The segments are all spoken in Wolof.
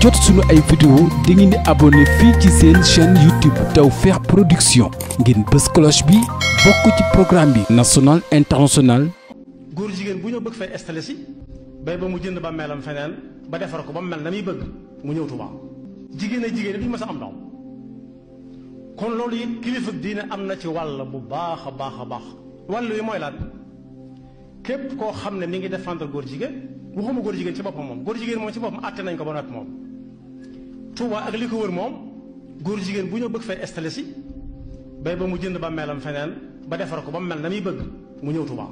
jot suñu ay vidéo da ngeen di abonné fii ci seen chaîne YouTube Tawfekh Production ngeen bës cloche bi bokk ci programme bi national international góor jigéen bu ñëw bëgg fay installé si bay ba mu jënd ba melam feneen ba defar ko ba mu mel na muy bëgg mu ñëw Tuubaa jigéen ak jigéen bi ñu mës a am doom kon loolu it kilifa diine am na ci wàll bu baax a baax a baax wàll yi mooy lan képp koo xam ne mi ngi défendre góor jigéen waxuma góor jigéen ci boppam moom góor ko ba moom Touba ak li ko wër moom góor jigéen bu ñëw bëgg fay installé si bay ba mu jënd ba melam feneen ba defar ko ba mu mel na muy bëgg mu ñëw Touba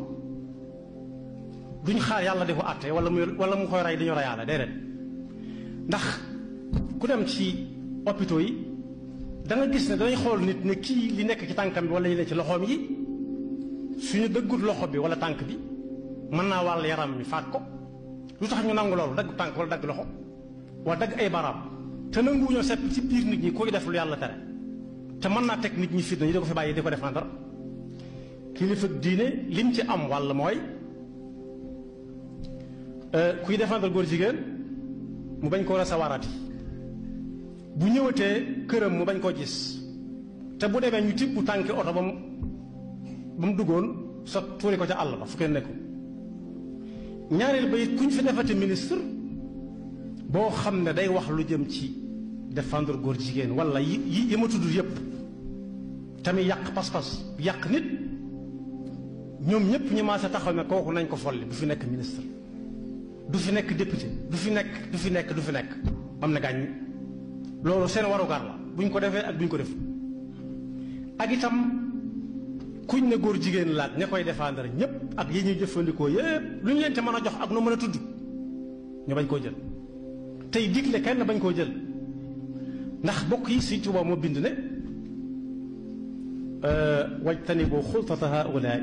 duñ xaar yàlla di ko àtte wala mu wala mu ko rey dañu reyaale déedéet ndax ku dem ci hôpitaux yi da gis ne danañ xool nit ne kii li nekk ci tànkam bi walla li nekk ci loxoom yi suñu dëggut loxo bi wala tànk bi mën naa wàll yaram mi faat ko lu tax ñu nangu loolu dagg tànk wala dagg loxo wala dagg ay baram te nanguwuñoo seet ci biir nit ñi koy def lu yàlla tere te mën naa teg nit ñi fitna ñu da ko fi bàyyi di ko def na dara kilifa diine lim ci am wàll mooy euh, kuy défendre góor jigéen mu bañ koo rasawaaraati bu ñëwatee këram mu bañ koo gis te bu demee ñu tibb tànki oto ba mu ba mu duggoon sa tuuri ko ca àll ba fu kenn nekkul ñaareel ba it kuñ fi defati ministre boo xam ne day wax lu jëm ci défendre góor jigéen wala yi yi ma tudd yépp tamit yàq pas-pas yàq nit ñoom ñëpp maa maase taxaw ne kooku nañ ko folli bu fi nekk ministre du fi nekk député du fi nekk du fi nekk du fi nekk am na gaañ loolu seen warugar la buñ ko defee ak buñ ko def ak itam kuñ ne góor jigéen laaj ña koy défendre ñëpp ak yi ñuy jëfandikoo yëpp lu ñu leen te mën a jox ak nu mën a tudd ñu bañ koo jël tey digle na bañ koo jël ndax bokk yi Sëriñ Tuubaa moo bind ne wajtanibu xultata haulaai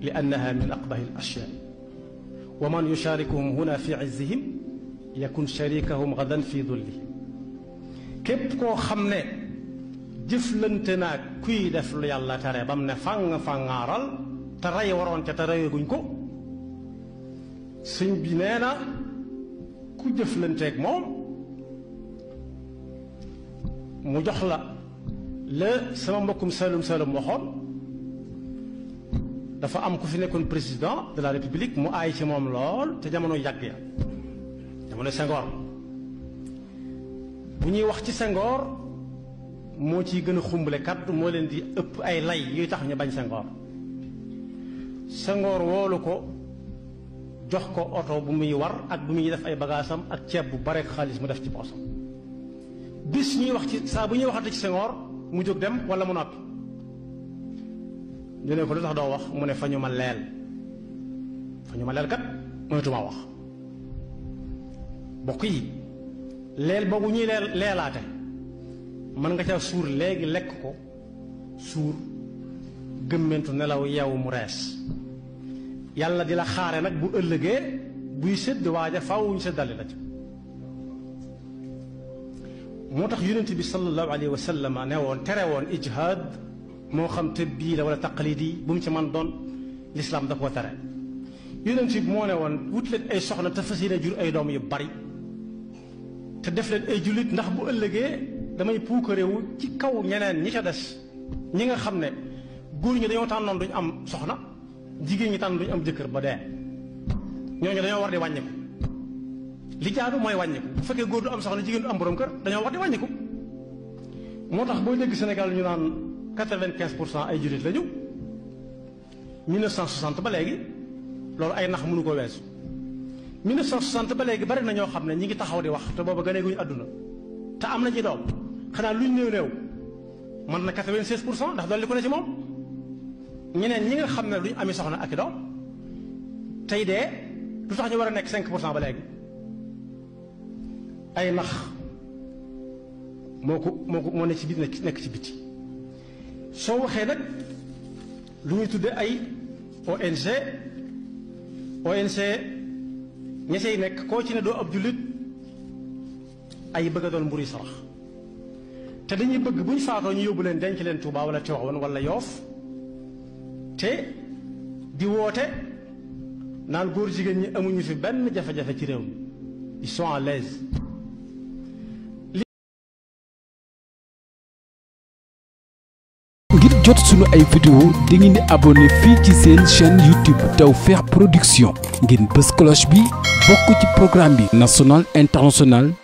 li annaha min aqbahi al ashyaa wa man yusharikuhum huna fi izzihim yakun koo xam ne jëflante naa kuy def lu yàlla tere ba ne fàng fàngaaral te rey waroon ca te reyaguñ ko sëñ bi ku jëflanteeg moom mu jox la la sama mbokkum Saloum Saloum waxoon dafa am ku fi nekkoon président de la république mu aay ci moom lool te jamono yàgg ya jamono Senghor bu ñuy wax ci Senghor moo ciy gën a xumbale kàddu moo leen di ëpp ay lay yuy tax ñu bañ Senghor Senghor woolu ko jox ko oto bu muy war ak bu muy def ay bagaasam ak ceeb bu bareek xaalis mu def ci poosam bis ñuy wax ci saa bu ñuy waxate ci Senghor mu jóg dem wala mu noppi ñu ne ko lu tax doo wax mu ne fa ñu ma leel fa ñu ma leel kat mënatuma wax bokk yi leel boobu ñuy leel leelaate mën nga caa suur léegi lekk ko suur gëmmentu nelaw yeewu mu rees yàlla di la xaare nag bu ëllëgee buy sëdd waaja fawuñ sëddale la ci moo tax yonent bi sallallahu alayhi wa sallam ne woon tere woon ijhaad moo xam tëb bii la wala taqalidi bu mu ci man doon lislaam da koo tere yonent bi moo ne woon wut ay soxna te si yéene jur ay doom yu bari te def leen ay jullit ndax bu ëllëgee damay puukarewu ci kaw ñeneen ñi ca des ñi nga xam ne góor ñi dañoo noon duñ am soxna jigéen ñi tànn duñu am jëkkër ba dee ñooñu dañoo war di wàññiku li jaadu mooy wàññiku bu fekkee góor du am soxna jigéen du am boroom kër dañoo war di wàññiku moo tax booy dégg Sénégal ñu naan quatre-vingt-quinze pour cent ay jullit lañu 1960 ba léegi loolu ay nax mënu ko weesu 1960 ba léegi bari na ñoo xam ne ñi ngi taxaw di wax te booba gënee guñu àdduna te am na ci doom xanaa luñ néew néew mën na 96 pour cent ndax dolli ko ne ci moom. ñeneen ñi nga xam ne duñ amee soxna ak i doom tey de lu tax ñu war a nekk 5 pour cent ba léegi ay nax moo ko moo ko moo nekk ci nekk ci biti soo waxee nag lu ñuy tudde ay ONG ONG ña say nekk koo ci ne doo ab jullit ay bëgg a doon mburu yi sarax te dañuy bëgg bu ñu faatoo ñu yóbbu leen denc leen Touba wala Tivaouane wala Yoff di woote naan góor jigéen ñi amuñu fi benn jafe ci réew mi ils sont à l'aise ngir jot sunu ay vidéo di ngeen di fii ci seen chaîne YouTube Tawfekh Production ngir bës cloche bi bokk ci programme bi national international